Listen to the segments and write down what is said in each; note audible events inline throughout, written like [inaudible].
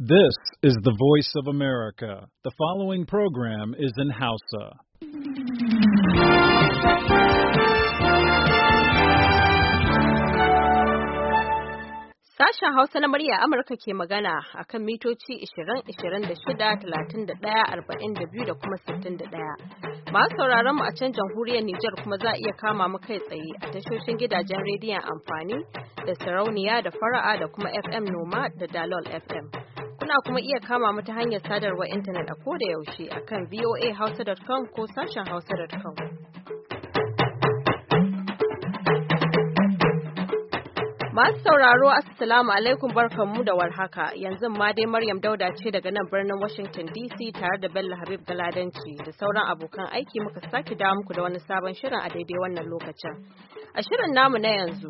This is the voice of America. The following program is in Hausa. Sashen Hausa na murya Amurka ke magana a kan mitoci 20-26-31-42 da kuma 61. Masu sauraron mu a can jamhuriyar Nijar kuma za a iya kama mu kai tsaye a tashoshin gidajen rediyon amfani da sarauniya da fara'a da kuma FM Noma da Dalol FM. Kuna kuma iya kama mu ta hanyar sadarwa intanet a ko da yaushe a kan voahausa.com ko sashen hausa.com. Masu sauraro Assalamu alaikum barkanmu da warhaka yanzu ma dai Maryam Dauda ce daga nan birnin Washington DC tare da Bello Habib Galadanci da sauran abokan aiki muka sake dawo muku da wani sabon shirin a daidai wannan lokacin. A shirin namu na yanzu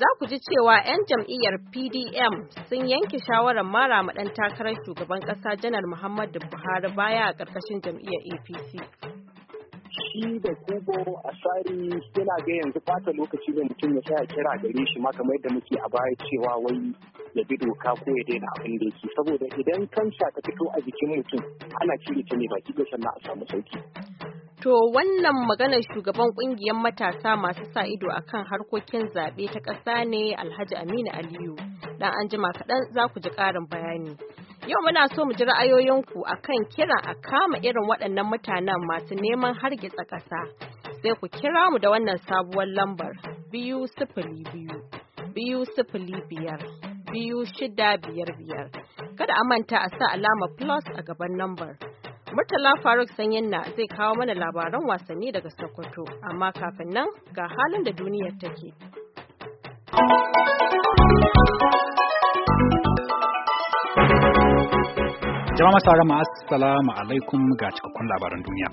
za ku ji cewa 'yan jam'iyyar PDM sun yanke shawarar mara ɗan takarar shugaban ƙasa janar Muhammadu Buhari baya a ƙarƙashin jam'iyyar APC. Shi da Kubo Asari yana ga yanzu fata lokaci da mutum ya saya kira gare shi ma kamar yadda muke a baya cewa wai ya bi doka ko ya daina abin da yake saboda idan kansa ta fito a jikin mutum ana cire ta ne baki da sannan a samu sauki. To wannan maganar shugaban kungiyar matasa masu sa ido a kan harkokin zaɓe ta ƙasa ne Alhaji Aminu Aliyu. Dan an jima kaɗan za ku ji ƙarin bayani. Yau muna so mu ji ra'ayoyinku a kan kira a kama irin waɗannan mutanen masu neman hargitsa ƙasa. Sai ku kira mu da wannan sabuwar lambar biyu sifili biyu, biyu sifili biyar, biyu shida biyar biyar. Kada a manta a sa alama plus a gaban lambar. Murtala Faruk Sanyin na zai kawo mana labaran wasanni daga Sokoto, amma kafin nan ga halin da duniyar take. Jama'a masarama assalamu alaikum ga cikakkun labaran duniya.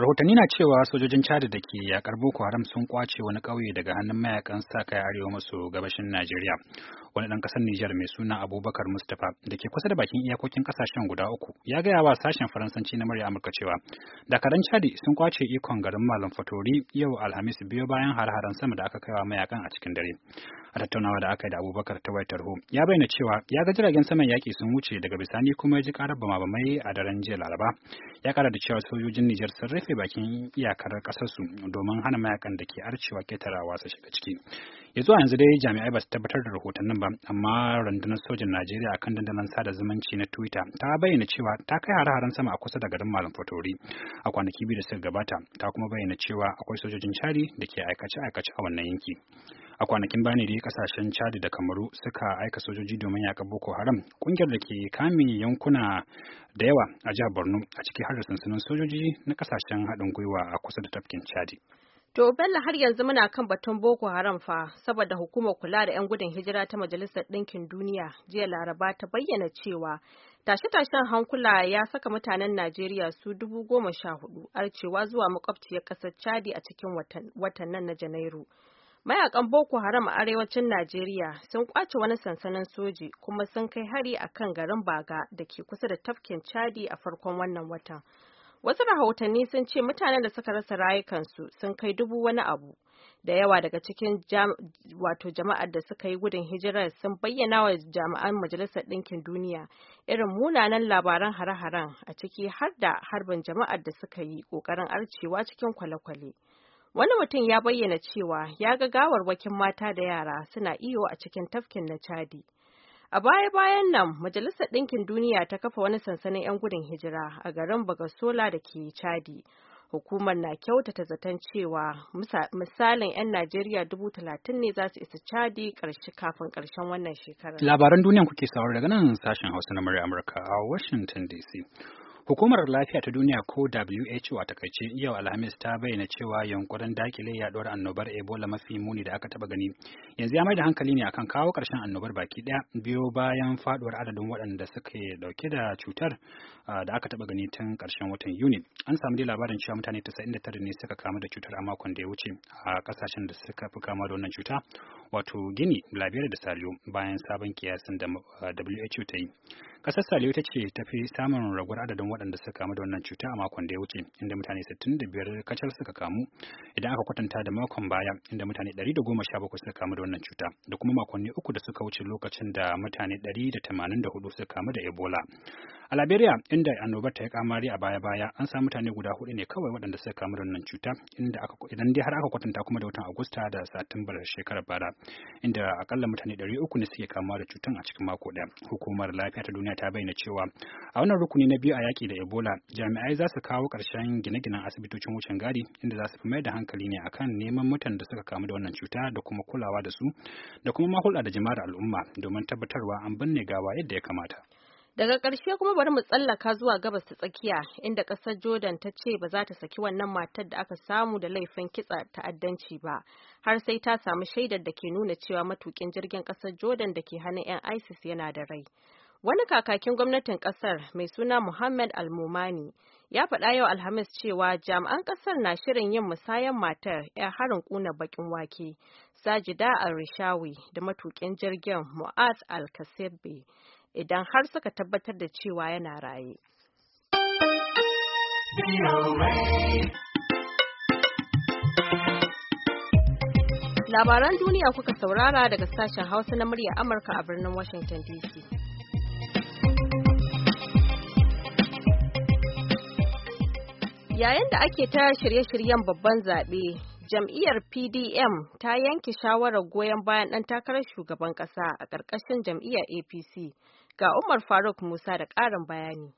rahotanni na cewa sojojin chad da ke yakar boko haram sun kwace wani ƙauye daga hannun mayakan sa kai arewa maso gabashin najeriya wani dan ƙasar Nijar mai suna Abubakar Mustapha da ke kusa da bakin iyakokin kasashen guda uku ya gaya wa sashen Faransanci na murya Amurka cewa dakaran Chadi sun kwace ikon garin Malam Fatori yau Alhamis biyo bayan har-haren sama da aka kai wa mayakan a cikin dare. A tattaunawa da aka yi da Abubakar ta wayar tarho ya bayyana cewa ya ga jiragen saman yaƙi sun wuce daga bisani kuma ya ji ƙarar bama a daren jiya Laraba. Ya kara da cewa sojojin Nijar sun rufe bakin iyakar ƙasarsu domin hana mayakan da ke arcewa ketarawa su shiga ciki. ya zuwa yanzu dai jami'ai ba su tabbatar da rahotannin ba amma rundunar sojin najeriya akan dandalin sada zumunci na twitter ta bayyana cewa ta kai hare-haren sama a kusa da garin malam fatori a kwanaki biyu da suka gabata ta kuma bayyana cewa akwai sojojin chadi da ke aikace-aikace a wannan yanki a kwanakin bani da kasashen chadi da kamaru suka aika sojoji domin yaƙar boko haram ƙungiyar da ke kame yankuna da yawa a jihar borno a ciki har da sansanin sojoji na kasashen haɗin gwiwa a kusa da tafkin chadi To Bello har yanzu muna kan batun Boko Haram fa saboda hukumar kula da 'yan gudun hijira ta Majalisar Ɗinkin Duniya jiya Laraba ta bayyana cewa tashe-tashen hankula ya saka mutanen Najeriya su dubu goma sha hudu arcewa zuwa makwabciyar ƙasar Chadi a cikin watan nan na Janairu. Mayakan Boko Haram a arewacin Najeriya sun kwace wani sansanin soji kuma sun kai hari a kan garin Baga da ke kusa da tafkin Chadi a farkon wannan watan. Wasu rahotanni sun ce mutanen da suka rasa rayukansu sun kai dubu wani abu. Da yawa daga cikin wato jama'ar da suka yi gudun hijirar sun bayyana wa jami'an Majalisar Ɗinkin Duniya irin munanan labaran hare-haren a ciki har da harbin jama'ar da suka yi ƙoƙarin arcewa cikin kwale-kwale. Wani mutum ya bayyana cewa ya ga gawarwakin mata da yara suna iyo a cikin tafkin na Chadi. A baya-bayan nan, Majalisar Ɗinkin Duniya ta kafa wani sansanin 'yan gudun hijira a garin Bagasola da ke Chadi. Hukumar na kyautata zaton cewa misalin 'yan Najeriya dubu talatin ne za su isa Chadi kafin ƙarshen wannan shekarar. Labaran duniya kuke saurari daga nan sashen Hausa na murya Amurka a Washington DC. Hukumar Lafiya ta Duniya ko WHO a takaice yau Alhamis ta bayyana cewa yankurin dakile yaduwar annobar Ebola mafi muni da aka taba gani. Yanzu ya mai da hankali ne akan kawo ƙarshen annobar baki ɗaya biyo bayan faduwar adadin waɗanda suke dauke da cutar da aka taba gani tun ƙarshen watan Yuni. An samu dai labarin cewa mutane 99 ne suka kamu da cutar a makon da ya wuce a kasashen da suka fi kama da wannan cuta wato guinea Liberia da Saliyo bayan sabon kiyasin da WHO ta yi. Kasar Saliyu ta ce tafi samun raguwar adadin waɗanda suka kamu da wannan cuta a makon da ya wuce, inda mutane 65 kacal suka kamu idan aka kwatanta da makon baya inda mutane 117 suka kamu da wannan cuta da kuma makonni uku da suka wuce lokacin da mutane 184 suka kamu da Ebola. A Liberia inda annobar ta yi kamari a baya-baya an samu mutane guda hudu ne kawai waɗanda suka kamu da wannan cuta idan dai har aka kwatanta kuma da watan Agusta da Satumbar shekarar bara inda akalla mutane 300 ne suke kamuwa da cutan a cikin mako ɗaya. Hukumar lafiya ta duniya China ta bayyana cewa a wannan rukuni na biyu a yaƙi da Ebola jami'ai za su kawo ƙarshen gine-ginen asibitocin wucin gadi inda za su fi mai da hankali ne akan neman mutanen da suka kamu da wannan cuta da kuma kulawa da su da kuma mahulɗa da jama'ar al'umma domin tabbatarwa an binne gawa yadda ya kamata. Daga ƙarshe kuma bari mu tsallaka zuwa gabas ta tsakiya inda ƙasar Jordan ta ce ba za ta saki wannan matar da aka samu da laifin kitsa ta'addanci ba har sai ta samu shaidar da ke nuna cewa matukin jirgin ƙasar Jordan da ke hannun 'yan ISIS yana da rai. Wani kakakin gwamnatin ƙasar mai suna Muhammad Almumani ya faɗa yau Alhamis cewa jami'an ƙasar na shirin yin musayan matar 'yar harin ƙuna baƙin wake Sajida Al-Rishawi da matuƙin jirgin Mu'az Al-Kasebe idan har suka tabbatar da cewa yana raye. Labaran duniya kuka saurara daga sashen Hausa na murya Amurka a birnin Washington DC. Yayin da ake ta shirye-shiryen babban zaɓe, jam'iyyar PDM ta yanke shawarar goyon bayan ɗan takarar shugaban ƙasa a ƙarƙashin jam'iyyar APC ga Umar Faruk Musa da ƙarin bayani.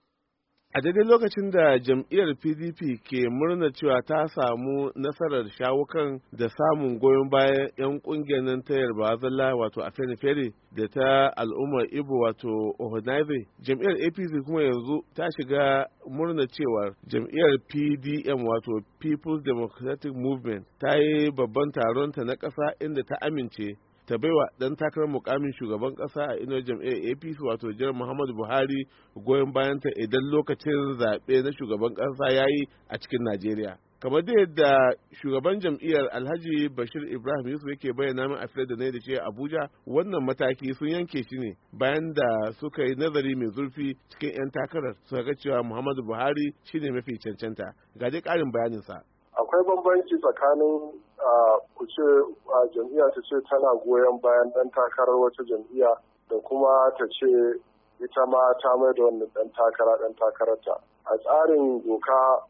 a daidai lokacin da jam'iyyar pdp ke murna cewa ta samu nasarar shawukan da samun goyon bayan 'yan kungiyar nan ta yarbazalla wato a fere da ta al'ummar ibo wato ohunaize jam'iyyar apc kuma yanzu ta shiga murna cewa jam'iyyar pdm wato people's democratic movement ta yi babban taron ta na ƙasa inda ta amince ta baiwa dan takarar mukamin shugaban kasa a inuwar jam'iyyar apc wato jiran muhammadu buhari goyon ta idan lokacin zaɓe na shugaban kasa ya yi a cikin najeriya kamar da yadda shugaban jam'iyyar alhaji bashir ibrahim yusuf yake bayyana min a da na da shi abuja wannan mataki sun yanke shi ne bayan da suka yi nazari mai zurfi cikin 'yan takarar suka ga cewa muhammadu buhari shine mafi cancanta ga dai karin bayaninsa akwai bambanci tsakanin ku ce jam'iyya ta ce tana goyon bayan ɗan takarar wata jam'iyya da kuma ta ce ita ma ta mai da wannan ɗan takara ɗan takararta a tsarin doka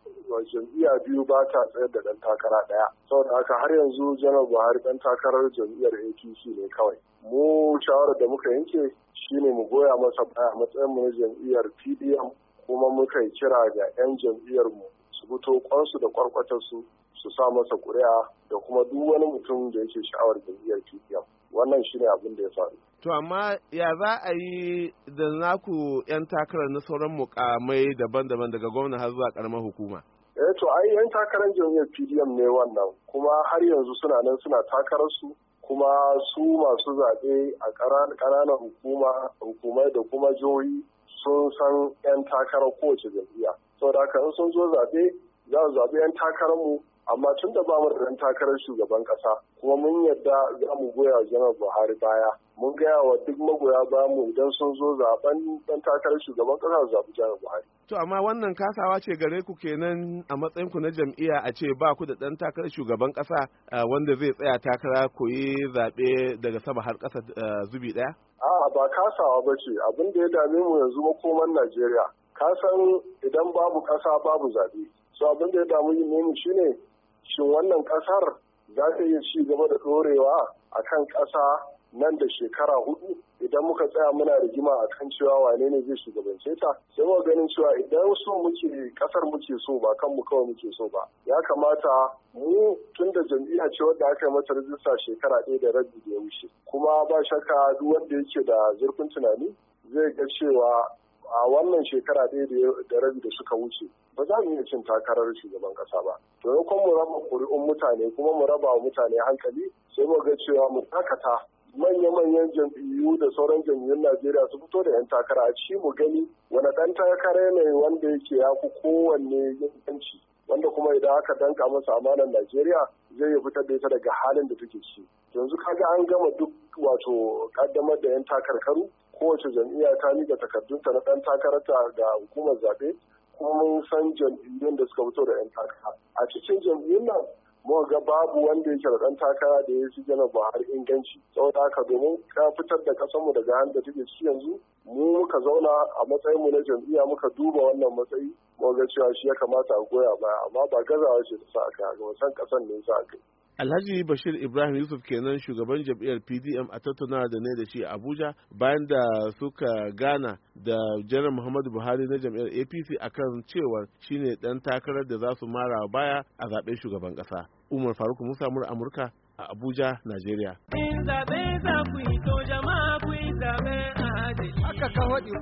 jam'iyya biyu ba ta tsayar da ɗan takara ɗaya saboda haka har yanzu janar buhari ɗan takarar jam'iyyar apc ne kawai mu shawarar da muka yanke shine mu goya masa baya matsayin mu na jam'iyyar pdm kuma muka yi kira ga 'yan jam'iyyar mu su fito kwansu da kwarkwatar su su sa masa ƙuri'a da kuma duk wani mutum da yake sha'awar jam'iyyar PPM. Wannan shine ne abin da ya faru. To amma ya za a yi da naku 'yan takarar na sauran mukamai daban-daban daga gwamna har zuwa karamar hukuma? Eh to ai 'yan takarar jam'iyyar PDM ne wannan kuma har yanzu suna nan suna takarar su kuma su masu zaɓe a ƙananan hukuma hukumai da kuma jihohi sun san 'yan takarar kowace jam'iyya. Saboda haka in sun zo zaɓe za su zaɓi 'yan takararmu amma tun da ba mu da ɗan takarar shugaban ƙasa, kuma mun yadda za mu goya janar buhari baya mun gaya wa duk magoya ba mu idan sun zo zaben ɗan takarar shugaban ƙasa kasa zaɓi janar buhari to amma wannan kasawa ce gare ku kenan a matsayin ku na jam'iyya a ce ba ku da ɗan takarar shugaban ƙasa eh, wanda zai tsaya takara koyi zaɓe daga sama har ƙasa eh, zubi ɗaya a'a ba kasawa ba ce abin da ya dame mu yanzu makoman najeriya kasan idan babu ƙasa babu zaɓe so abin da ya damu ne mu shine shin wannan ƙasar za ta yi ci gaba da ɗorewa a kan ƙasa nan da shekara hudu idan muka tsaya muna rigima a kan cewa wane ne zai shugabance ta sai mu ganin cewa idan so muke kasar muke so ba kan mu kawai muke so ba ya kamata mu tun da jam'iyya ce wadda aka yi mata rajista shekara ɗaya da rabi da ya wuce kuma ba shakka duk wanda yake da zurfin tunani zai ga cewa a wannan shekara ɗaya da rabi da suka wuce ba za mu iya cin takarar shugaban kasa ba kuma mu raba kuri'un mutane kuma mu raba wa mutane hankali sai mu ga cewa mu dakata manya-manyan jam'iyyu da sauran jam'iyyun Najeriya su fito da 'yan takara a ci mu gani wani ɗan takara ne wanda yake ya fi kowanne yanci wanda kuma idan aka danka masa amanar Najeriya zai yi fitar da ita daga halin da take ciki. Yanzu kaga an gama duk wato kaddamar da 'yan takarkaru kowace jam'iyya ta takardun takardunta na ɗan takararta ga hukumar zaɓe kuma mun san jam'iyyun da suka fito da 'yan takara a cikin jam'iyyun nan muka ga babu wanda yake da ɗan takara da ya fi na buhari inganci saboda haka domin ka fitar da kasanmu daga hannun da take ciki yanzu mu muka zauna a matsayinmu na jam'iyya muka duba wannan matsayi muka ga cewa shi ya kamata a goya baya amma ba gazawa ce ta sa aka ga wasan kasan ne sa aka Alhaji Bashir Ibrahim Yusuf kenan shugaban jam'iyyar PDM a tattauna da ne da shi a Abuja bayan da suka gana da Janar Muhammadu Buhari na jam'iyyar APC akan cewar shine dan takarar da za su mara baya a zaben shugaban kasa. Umar Faruk Musa mur Amurka a Abuja, Najeriya. Haka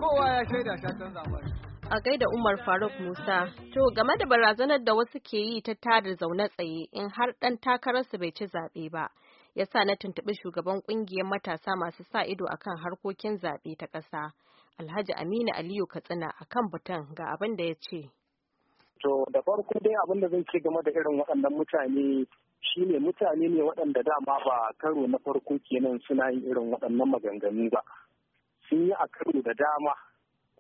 kowa ya shaida shatan zamani. a gaida Umar Faruk Musa. To game da barazanar da wasu ke yi ta tada zaune tsaye in har ɗan takararsu bai ci zaɓe ba. Ya sa na tuntuɓi shugaban ƙungiyar matasa masu sa ido a kan harkokin zaɓe ta ƙasa. Alhaji Aminu Aliyu Katsina a kan batun ga abin da ya ce. To da farko dai abin da zan ce game da irin waɗannan mutane shine mutane ne waɗanda dama ba karo na farko kenan suna yin irin waɗannan maganganu ba. Sun yi a karo da dama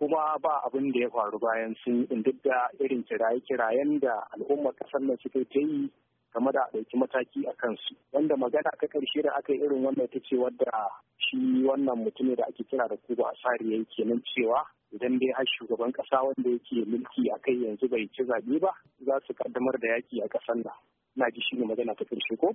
kuma ba abin da ya faru bayan sun duk da irin kiraye-kirayen da al'ummar kasar nan suka ta yi game da ɗauki mataki a kansu wanda magana ta ƙarshe da aka yi irin wannan ta ce wadda shi wannan mutumin da ake kira da kuba asari yi kenan cewa idan dai har shugaban ƙasa wanda yake mulki a kai yanzu bai ci zaɓe ba za su kaddamar da yaƙi a ƙasar nan na ji shi ne magana ta karshe ko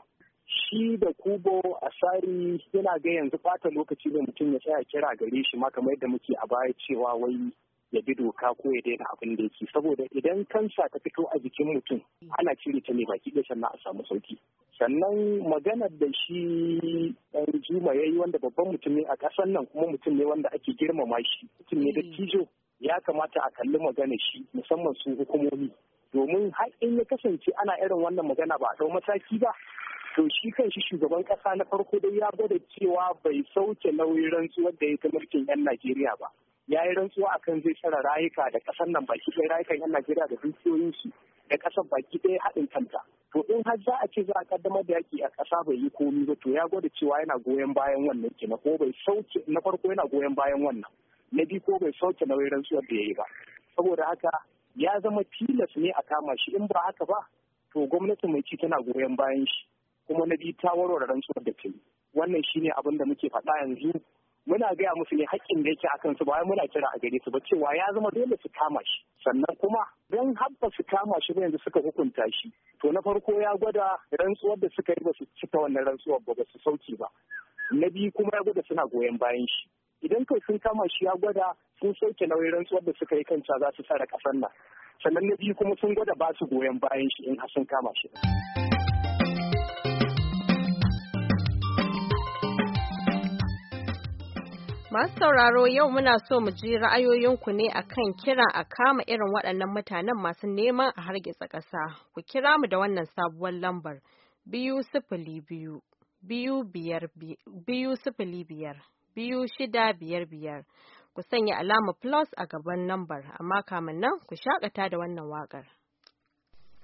shi da kubo asari yana ga yanzu bata lokaci da mutum ya tsaya kira gare shi ma kamar yadda muke a baya cewa wai ya bi doka ko ya daina abin da yake saboda idan kansa ta fito a jikin mutum ana cire ta ne baki da sannan a samu sauki sannan maganar da shi ɗan juma ya yi wanda babban mutum ne a ƙasar nan kuma mutum ne wanda ake girmama shi mutum ne da ya kamata a kalli maganar shi musamman su hukumomi domin har in ya kasance ana irin wannan magana ba a mataki ba to shi kan shi shugaban kasa na farko dai ya gwada cewa bai sauke nauyin rantsuwar da ya ta mulkin yan Najeriya ba ya yi rantsuwa akan zai tsara rayuka da kasar nan baki ɗaya rayukan yan Najeriya da dukiyoyin su da ƙasar baki ɗaya haɗin kanta to in har za a ce za a kaddamar da yaƙi a ƙasa bai yi komi ba to ya gwada cewa yana goyon bayan wannan na ko bai sauke na farko yana goyon bayan wannan na biyu ko bai sauke nauyin rantsuwar da ya yi ba saboda haka ya zama tilas ne a kama shi in ba haka ba to gwamnati mai ci tana goyon bayan shi kuma na biyu ta warware rantsuwar da ta yi wannan shine abin da muke faɗa yanzu muna gaya musu ne haƙƙin da yake akan su ba muna kira a gare su ba cewa ya zama dole su kama shi sannan kuma don habba su kama shi ba yanzu suka hukunta shi to na farko ya gwada rantsuwar da suka yi ba su cika wannan rantsuwar ba ba su sauki ba na biyu kuma ya gwada suna goyon bayan shi idan kai sun kama shi ya gwada sun sauke nauyin rantsuwar da suka yi kanta za su tsara kasar nan sannan na biyu kuma sun gwada ba su goyon bayan shi in sun kama shi. Masu sauraro yau muna so mu ji ra'ayoyinku ne akan kira a kama irin waɗannan mutanen masu neman a hargitsa ƙasa. Ku kira mu da wannan sabuwar lambar biyu sifili biyu, biyu biyar biyu sifili biyar, biyu shida biyar biyar. Ku sanya alama plus a gaban lambar amma kamin nan ku shakata da wannan waƙar.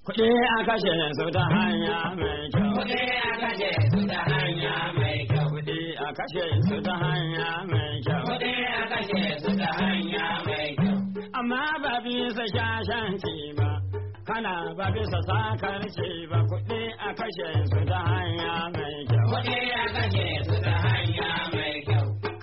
Kuɗi a kashe su ta hanya mai kyau. Kuɗi a kashe su ta hanya mai kyau. Kuɗi a kashe su ta hanya mai kyau. Kuɗi a kashe su ta hanya mai kyau. Amma ba bisa shashanci ba. kana ba bisa sakar ba kuɗi a kashe su ta hanya mai kyau. Kuɗi a kashe su ta hanya mai kyau.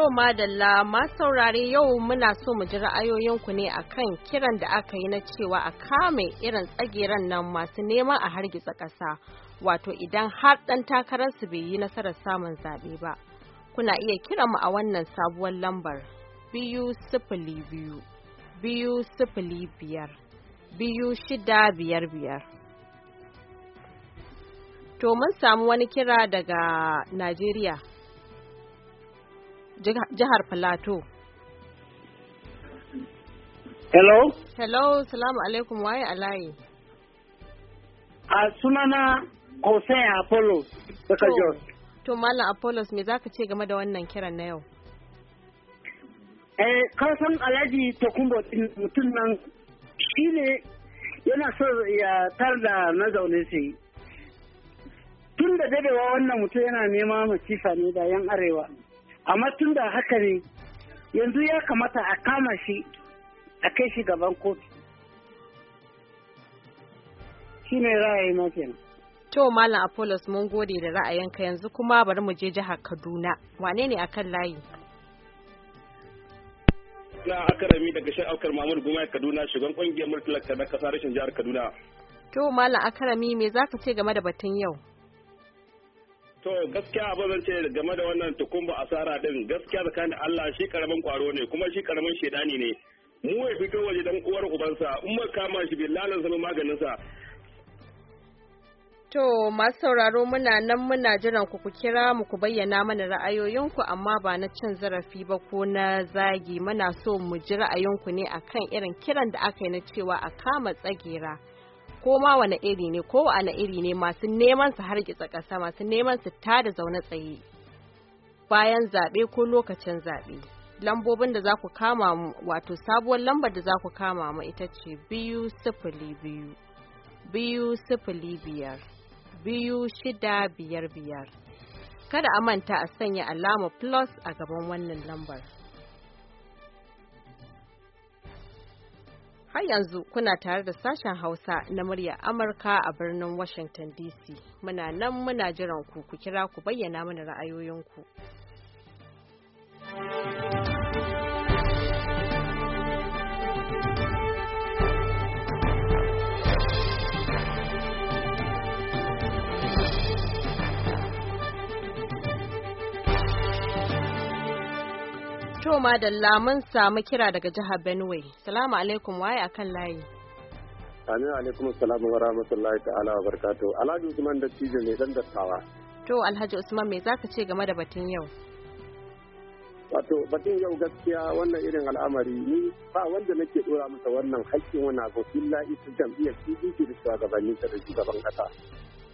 To madalla masu saurare yau muna so mu ji ra'ayoyinku ne akan kiran da aka yi na cewa a kame irin tsageren nan masu neman a hargitsa ƙasa wato idan har ɗan takararsu bai yi nasarar samun zaɓe ba. Kuna iya kiran mu a wannan sabuwar lambar biyu sifili biyu biyu sifili biyar biyu shida biyar biyar. To mun samu wani kira daga Najeriya. jihar Filato. Hello? Hello, salamu alaikum waye alayi. A sunana Hosea Apollos daga Jos. To, Malam Apollos me zaka ce game da wannan kiran na yau? Eh, kasan Alhaji Tokumbo eh, mutum nan shi ne yana so ya tar da zaune su Tun da dadewa wannan mutum yana nema masifa ne da yan arewa. amma tun da haka ne yanzu ya kamata a kama shi a kai shi gaban kotu shi ne ra'ayi na kenan to malam apollos mun gode da ra'ayinka yanzu kuma bari mu je jihar kaduna wane ne akan layi na akarami daga shi aukar mamur goma kaduna shugaban kungiyar murtala na kasa rashin jihar kaduna to malam akarami me zaka ce game da batun yau To gaskiya abin zan ce game da wannan tukumba asara din gaskiya tsakanin Allah shi karamin kwaro ne kuma shi karamin shedani ne. Mu ya fito waje dan uwar ubansa in kama shi billalan zama maganin sa. To masu sauraro muna nan muna jiran ku ku kira mu ku bayyana mana ra'ayoyinku amma ba na cin zarafi ba ko na zagi muna so mu ji ra'ayinku ne akan irin kiran da aka yi na cewa a kama tsagera. ko ma wani iri ne ko wani iri ne masu neman su hargitsa ƙasa masu neman su da zaune tsaye bayan zaɓe ko lokacin zaɓe lambobin da za ku kama mu wato sabuwar lambar da za ku kama mu ita ce biyu sifili biyu biyu sifili biyar biyu shida biyar biyar kada a manta a sanya alama plus a gaban wannan lambar Har yanzu kuna tare da sashen Hausa na murya Amurka a birnin Washington DC. Muna nan muna jiran ku ku kira ku bayyana mana ra'ayoyinku. To madalla mun samu kira daga jihar Benue. Salamu alaikum waye akan layi. Amin alaikum salamu wa rahmatullahi ta'ala wa barkato. Alhaji Usman da Tijo ne dan dattawa. To Alhaji Usman me zaka ce game da batun yau? Wato batun yau gaskiya wannan irin al'amari ni ba wanda nake dora masa wannan haƙƙin wani abu illa ita jam'iyyar PDP da shugabannin ta da shugaban kasa.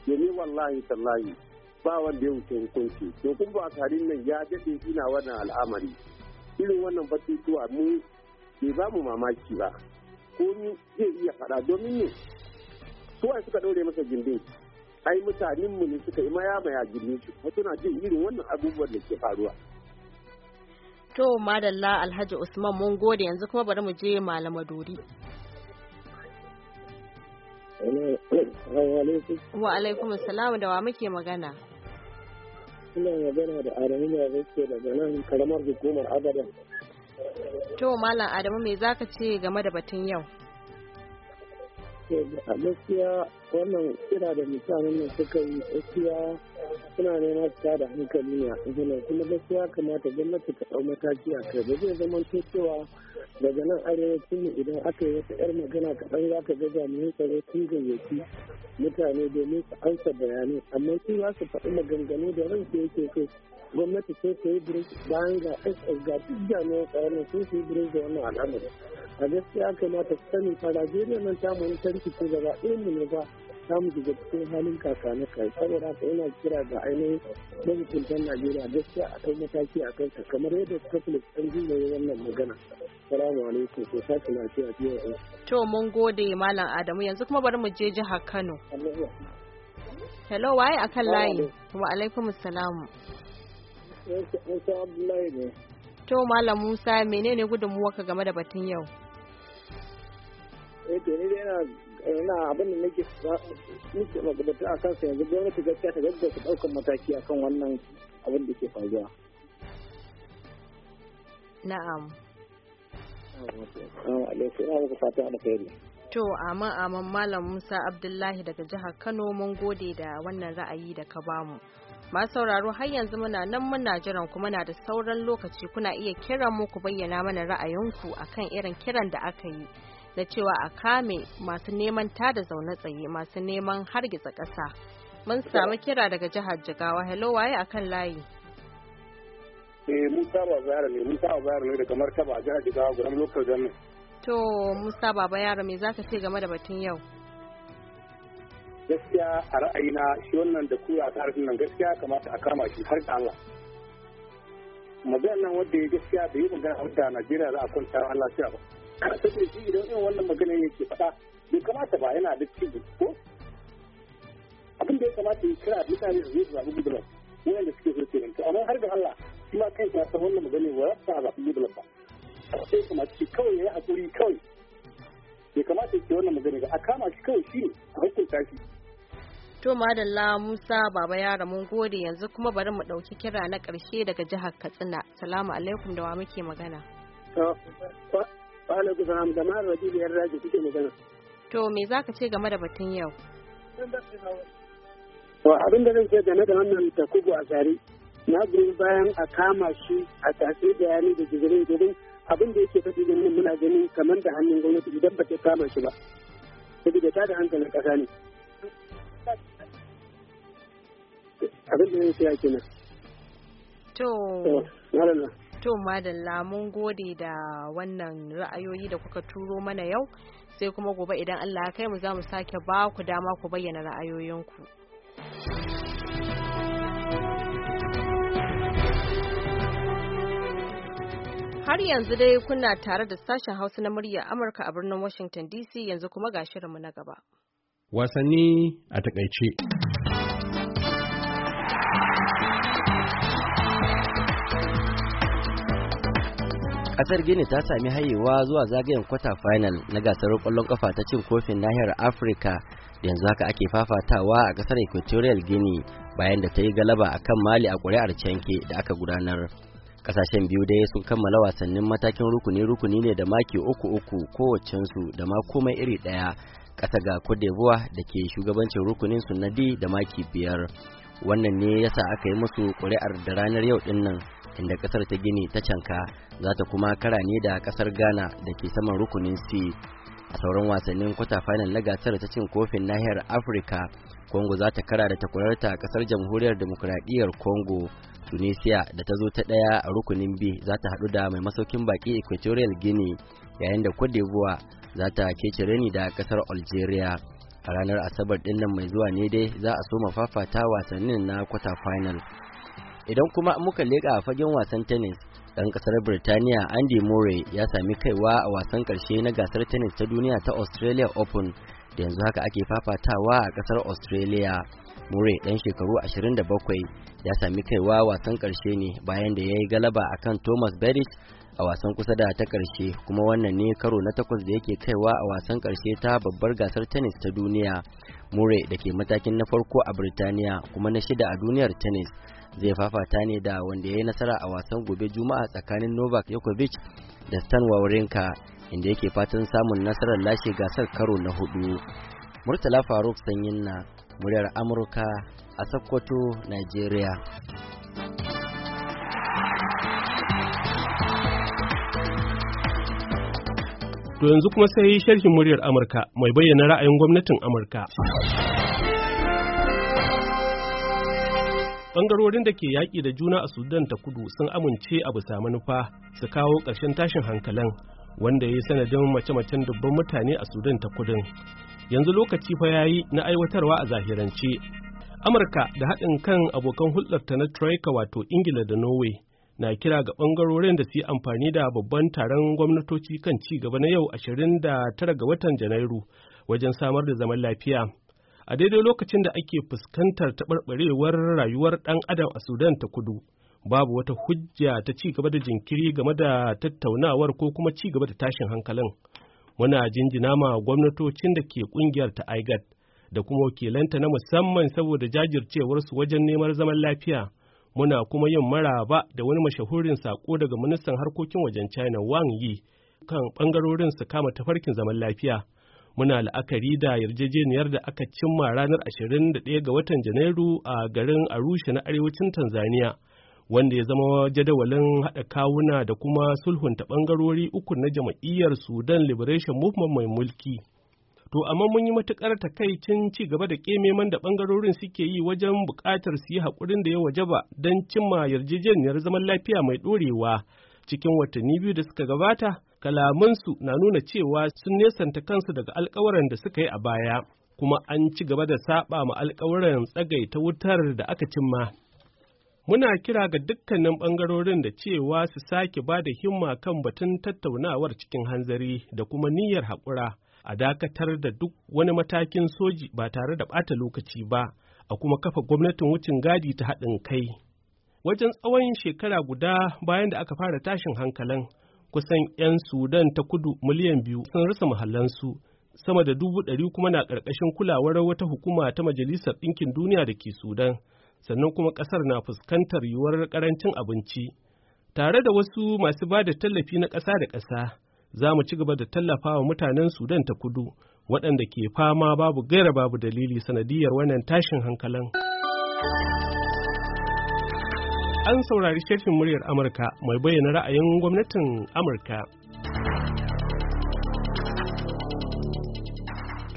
Yemi wallahi tallahi ba wanda ya wuce hukunci. To kun ba tarin nan ya daɗe ina wannan al'amari. irin wannan batutuwa mu bai za mu mamaki ba ko ni zai iya faɗa domin ne wai suka ɗaure masa gindin ai mutanen mu ne suka yi maya maya gindin su wato na jin irin wannan abubuwan da ke faruwa to madalla alhaji usman mun gode yanzu kuma bari mu je malama dori [coughs] wa alaikum salam da wa muke magana suna magana da Adamu mai gaske daga nan karamar hukumar Abadan. To Malam Adamu mai zaka ce game da batun yau? A gaskiya wannan kira da mutanen nan suka yi gaskiya suna neman ta da hankali ne a kuma gaskiya kamata gwamnati ta ɗau mataki a kai ba zai zama cewa daga nan arewacin mu idan aka yi wata yar magana kaɗan za ka ga jami'an tsaro sun gayyaci mutane domin su ansa bayanai amma su za su faɗi maganganu da ran su yake so gwamnati sai ta yi birin bayan ga ss ga duk jami'an tsaron sun su yi birin da wannan al'amari a gaskiya kamata su sani fa najeriya nan ta mu wani tarki ko gaba ɗaya mu ne ba samun shiga cikin halin kaka na kai saboda haka yana kira ga ainihin mahukuntan najeriya gaskiya a kai mataki a kansa kamar yadda catholic ɗan jimaye wannan magana salamu alaikum ko sake lafiya biyu to mun gode malam adamu yanzu kuma bari mu je jihar kano hello waye akan layi wa alaikum salamu To Malam Musa menene gudunmuwa ka game da batun yau? Eh to ni dai ina abin da nake nake magabata a kansa yanzu gwamnati gaskiya ta ta ɗaukar mataki akan wannan abin da ke faruwa. Na'am. To amin amin Malam Musa Abdullahi daga jihar Kano mun gode da wannan ra'ayi da ka bamu. Masu sauraro har yanzu muna nan muna jiran kuma na da sauran lokaci kuna iya kiran mu ku bayyana mana ra'ayinku akan irin kiran da aka yi. na cewa a kame masu neman tada zaune tsaye masu neman hargitsa ƙasa. Mun samu kira daga jihar Jigawa, hello waye a kan layi. Eh Musa ba zara ne, Musa ba zara ne daga Martaba jihar Jigawa gudan lokal gamin. To Musa Baba Yaro me zaka ce game da batun yau? Gaskiya a ra'ayina shi wannan da kuya a harfin nan gaskiya kamata a kama shi har da Allah. Maganar nan wanda ya gaskiya da yi magana a Najeriya za a kwanta Allah shi ba. saboda shi idan irin wannan magana ke faɗa bai kamata ba yana da cikin ko abin da ya kamata ya kira mutane su zai zaɓi gudunar da suke so kenan to amma har da Allah shi ma ya san wannan magana ba za a zaɓi gudunar ba sai kamata shi kawai ya yi haƙuri kawai bai kamata ya ce wannan magana ba a kama shi kawai shi ne a hukunta shi To Madalla Musa Baba Yara mun gode yanzu kuma bari mu ɗauki kira na ƙarshe daga jihar Katsina. Salamu alaikum da wa muke magana. Wa alaikum salam da mara rabi da yarda ke kuke magana. To me za ka ce game da batun yau? To abin da zan ce game da wannan takubu a tsari na goyi bayan a kama shi a tatsi da yani da jigirai domin abin da yake faɗi ganin muna ganin kamar da hannun gwamnati idan ba ta kama shi ba. Saboda ta da hankalin ƙasa ne. Abin da zan ce kenan. To. Malala. To madalla mun gode da wannan ra'ayoyi da kuka turo mana yau sai kuma gobe idan Allah ya kai mu za mu sake ba ku dama ku bayyana ra'ayoyinku. Har yanzu dai kuna tare da sashen Hausa na murya Amurka a birnin Washington DC yanzu kuma ga shirinmu na gaba. Wasanni a takaice. kasar gini ta sami hayewa zuwa zagayen kwata final na gasar kwallon kafa ta cin kofin nahiyar afirka yanzu haka ake fafatawa a kasar equatorial gini bayan da ta yi galaba a kan mali a kuri'ar canke da aka gudanar kasashen biyu dai sun kammala wasannin matakin rukuni-rukuni ne da maki uku-uku kowacensu da ma komai iri ɗaya ƙasa ga cote da ke shugabancin rukunin su na d da maki biyar wannan ne yasa aka yi musu kuri'ar da ranar yau ɗin nan inda kasar ta gini ta canka za ta kuma kara ne da kasar ghana da ke saman rukunin c a sauran wasannin kwata final na gasar ta cin kofin nahiyar afirka congo za ta kara da takwararta kasar jamhuriyar demokuraɗiyyar congo tunisia da ta zo ta ɗaya a rukunin b za ta haɗu da mai masaukin baki equatorial guinea yayin da cote d'ivoire za ta kece ni da kasar algeria a ranar asabar ɗin mai zuwa ne dai za a so fafata wasannin na kwata final idan kuma muka leƙa fagen wasan tennis ɗan ƙasar birtaniya andy murray ya sami kaiwa a wasan ƙarshe na gasar tennis ta duniya ta australia open da yanzu haka ake fafatawa a ƙasar australia murray dan shekaru 27 ya sami kaiwa wasan ƙarshe ne bayan da ya yi galaba akan thomas beric a wasan kusa da ta ƙarshe kuma wannan ne karo na takwas da yake kaiwa a wasan ƙarshe ta babbar gasar tennis ta duniya murray da ke matakin na farko a birtaniya kuma na shida a duniyar tennis zai fafata ne da wanda ya yi nasara a wasan gobe juma'a tsakanin novak yakovic da stan wawrinka inda yake fatan samun nasarar lashe gasar karo na hudu murtala faruk sanyin na muryar amurka a sokoto nigeria to yanzu kuma sai yi sharhin muryar amurka mai bayyana ra'ayin gwamnatin amurka Bangarorin da ke yaƙi da juna a Sudan ta kudu sun amince a bisa manufa su kawo ƙarshen tashin hankalin wanda ya yi sanadin mace-macen dubban mutane a Sudan ta kudin. Yanzu lokaci fa ya yi na aiwatarwa a zahirance. Amurka da haɗin kan abokan hulɗarta na Troika wato Ingila da Norway na kira ga bangarorin da su yi amfani da babban taron gwamnatoci kan ci gaba na yau 29 ga watan Janairu wajen samar da zaman lafiya. a daidai lokacin da ake fuskantar taɓarɓarewar rayuwar ɗan adam a sudan ta kudu babu wata hujja ta ci gaba da jinkiri game da tattaunawar ko kuma ci gaba da tashin hankalin muna jinjina ma gwamnatocin da ke kungiyar ta igat da kuma wakilanta na musamman saboda jajircewar su wajen neman zaman lafiya muna kuma yin maraba da wani mashahurin sako daga ministan harkokin wajen china wang yi kan ɓangarorin su kama tafarkin zaman lafiya muna la'akari da yarjejeniyar da aka cimma ranar 21 ga watan janairu a garin arusha na arewacin tanzania wanda ya zama jadawalin haɗa kawuna da kuma sulhunta ɓangarori uku na jama'iyyar sudan liberation movement mai mulki to amma mun yi matuƙar takaicin ci gaba da ƙememan da ɓangarorin suke yi wajen buƙatar su yi haƙurin da ya waje ba don cimma yarjejeniyar zaman lafiya mai ɗorewa cikin watanni biyu da suka gabata kalamansu na nuna cewa sun nesanta kansu daga alkawaran da suka yi a baya kuma an ci gaba da saba ma alkawaran tsagaita wutar da aka cimma muna kira ga dukkanin ɓangarorin da cewa su sake ba da himma kan batun tattaunawar cikin hanzari da kuma niyyar haƙura a dakatar da duk wani matakin soji ba tare da ɓata lokaci ba a kuma kafa gwamnatin wucin gadi ta haɗin kai wajen tsawon shekara guda bayan da aka fara tashin hankalin kusan 'yan Sudan ta kudu miliyan biyu sun rasa muhallansu, sama da dubu ɗari kuma na ƙarƙashin kulawar wata hukuma ta Majalisar Ɗinkin Duniya da ke Sudan, sannan kuma ƙasar na fuskantar yiwuwar ƙarancin abinci. Tare da wasu masu ba da tallafi na ƙasa da ƙasa, za mu ci gaba da tallafawa mutanen Sudan ta kudu, waɗanda ke fama babu gaira babu dalili sanadiyar wannan tashin hankalin. an saurari shafin muryar Amurka mai bayyana ra'ayin gwamnatin Amurka.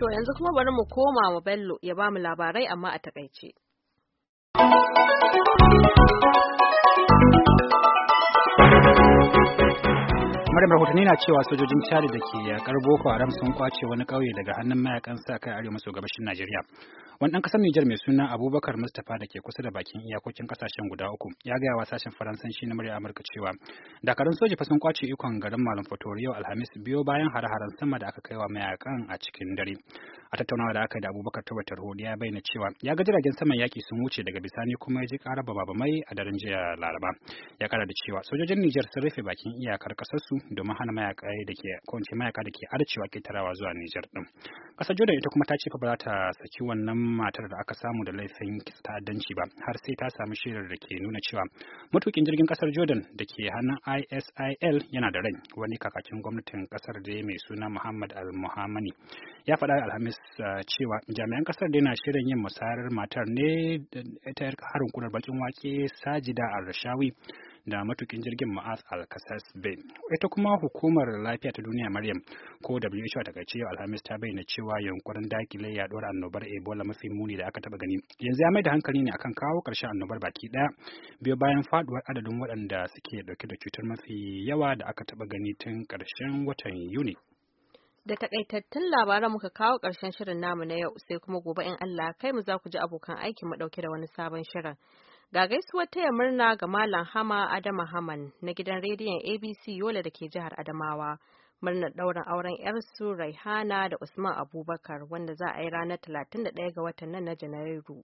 To yanzu kuma bari mu koma wa Bello ya ba mu labarai amma a takaice. maryam rahotanni na cewa sojojin chad da ke yakar boko haram sun kwace wani ƙauye daga hannun mayakan sa kai arewa maso gabashin najeriya wani ɗan ƙasar nijar mai suna abubakar mustapha da ke kusa da bakin iyakokin ƙasashen guda uku ya gaya wa sashen faransanci na murya amurka cewa dakarun soja fa sun kwace ikon garin malam fatori yau alhamis biyo bayan hare-haren sama da aka kai wa mayakan a cikin dare a tattaunawa da aka yi da abubakar ta watar ya bayyana cewa ya ga jiragen saman yaƙi sun wuce daga bisani kuma ya ji ƙara mai a daren jiya laraba ya ƙara da cewa sojojin nijar sun rufe bakin iyakar ƙasarsu domin hana mayaka da ke ce mayaka da ke arcewa ketarawa zuwa Niger. din. Kasar Jordan ita kuma ta ce fa ba za ta saki wannan matar da aka samu da laifin ta'addanci ba har sai ta samu shirin da ke nuna cewa matukin jirgin kasar Jordan da ke hannun ISIL yana da rai wani kakakin gwamnatin kasar da mai suna Muhammad Al-Muhammani ya faɗa Alhamis uh, cewa jami'an kasar da na shirin yin musayar matar ne ta harin kunar bakin wake Sajida Al-Rashawi da matukin jirgin ma'as alkasas bay ita kuma hukumar lafiya ta duniya maryam ko who daga cewa alhamis ta bayyana cewa yunkurin dakile yaduwar annobar ebola mafi muni da aka taba gani yanzu ya mai da hankali ne akan kawo karshen annobar baki daya biyo bayan faduwar adadin waɗanda suke dauke da cutar mafi yawa da aka taba gani tun karshen watan yuni da takaitattun labaran muka kawo ƙarshen shirin namu na yau sai kuma gobe in Allah kai mu za ku ji abokan aikin mu dauke da wani sabon shirin Ga gaisuwar taya murna ga Malam Hama Adama Haman na gidan rediyon ABC Yola da ke jihar Adamawa. Murnar ɗaurin auren 'yarsu Raihana da Usman Abubakar wanda za a yi ranar 31 ga watan nan na Janairu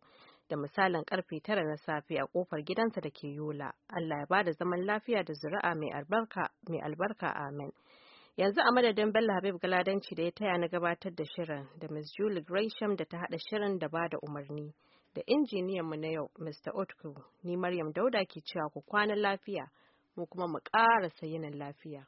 da misalin karfe tara na safe a kofar gidansa da ke Yola. Allah ya bada zaman lafiya da zuri'a mai albarka "Amen" yanzu a madadin bello habib galadanci da ya taya na gabatar da shirin da miss julie gresham da ta haɗa shirin da ba da umarni da injiniyan mu na yau Mr. Otku ni Maryam Dauda ke cewa ku kwana lafiya mu kuma mu ƙara yinin lafiya.